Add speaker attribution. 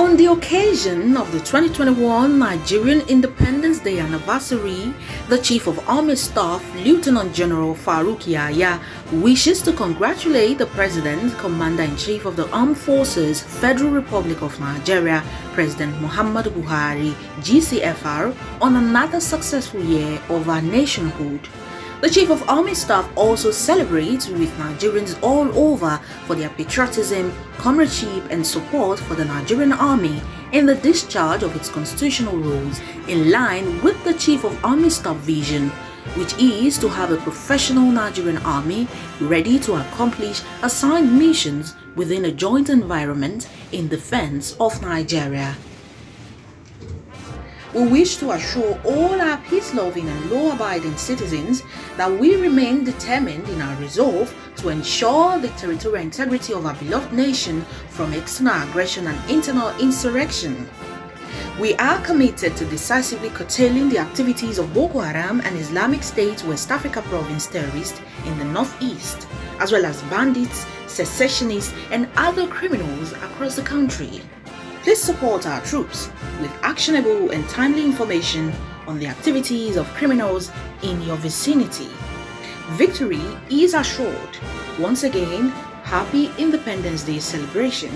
Speaker 1: On the occasion of the 2021 Nigerian Independence Day anniversary, the Chief of Army Staff, Lieutenant General Farouk Yahya, wishes to congratulate the President, Commander-in-Chief of the Armed Forces, Federal Republic of Nigeria, President Muhammadu Buhari, GCFR, on another successful year of our nationhood. The Chief of Army Staff also celebrates with Nigerians all over for their patriotism, comradeship and support for the Nigerian Army in the discharge of its constitutional roles in line with the Chief of Army Staff vision, which is to have a professional Nigerian Army ready to accomplish assigned missions within a joint environment in defense of Nigeria we wish to assure all our peace-loving and law-abiding citizens that we remain determined in our resolve to ensure the territorial integrity of our beloved nation from external aggression and internal insurrection. We are committed to decisively curtailing the activities of Boko Haram and Islamic State West Africa Province terrorists in the northeast, as well as bandits, secessionists, and other criminals across the country. Please support our troops with actionable and timely information on the activities of criminals in your vicinity. Victory is assured. Once again, happy Independence Day celebration